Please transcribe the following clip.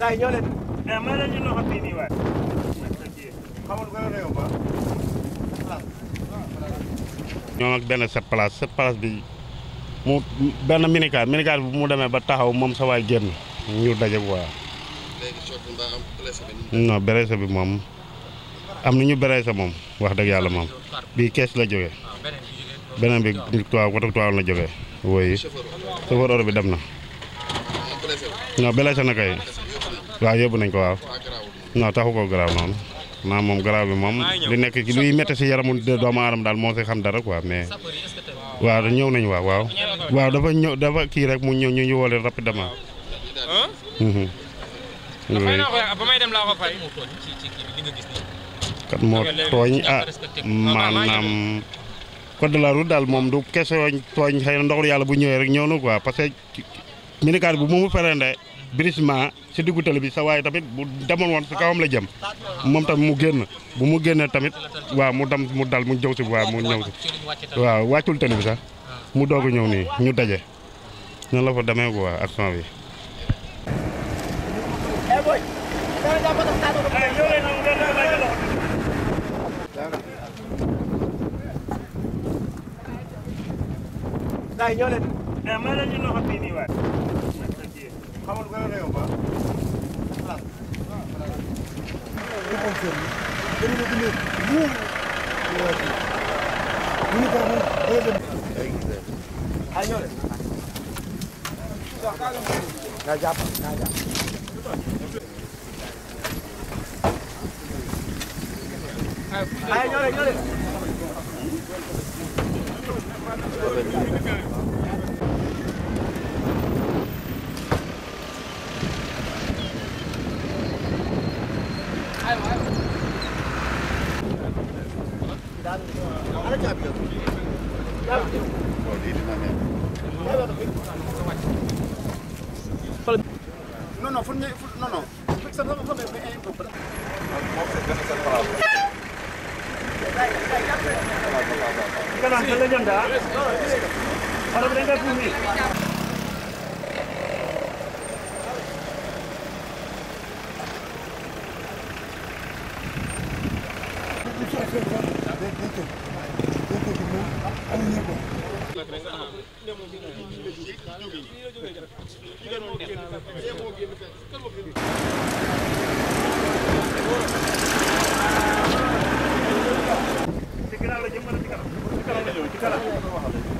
tay ñoo leen. Eh, ma ne ñu benn sept place sept place bi mu benn minicar minicar bi mu demee ba taxaw moom sa waay génn ñu dajeeg waa. non blessé bi moom am na ñu blessé moom wax dëgg yàlla moom bii kees la jógee ah, beneen bi tuwaaw côté tuwaaw la jógee woyi chauffeur oto bi dem na ah, non blessé na kay waa yóbbu nañ ko waaw non taxu koo garaaw noonu naa moom garaaw bi moom li nekk ci luy métti si yaramu doomu aadama daal xam dara quoi mais ñëw nañ waaw waaw waaw dafa ñëw kii rek mu ñëw ñu ñu woole rapidement mhm. kat moo tooñ ah, daal moom du question tooñ xëy na ndoxul yàlla bu ñëwee rek ñëw na quoi parce minicar bu mu ferende brisement si diggu tali bi sa waaye tamit bu demoon woon si kawam la jëm moom tamit mu génn bu mu génnee tamit waa mu dam mu dal mu jëw si waaw mu ñëw si waaw wàccul tali mu doog a ñëw nii ñu daje noonu la fa demee quoi action bi. waaw ñoo xamal lu gën a réew ba place bi waxoon seen dañu ne dundee wóor ñu wàcc ñu ni ko moom doo dem ay ñoo de nga jàpp nga jàpp ay ñoo de ñoo de non non fu ñu non non. Kenapa? Kalau mereka bumi. ci kanam la jëm wala ci kanam ci kanam la ñëw ci kanam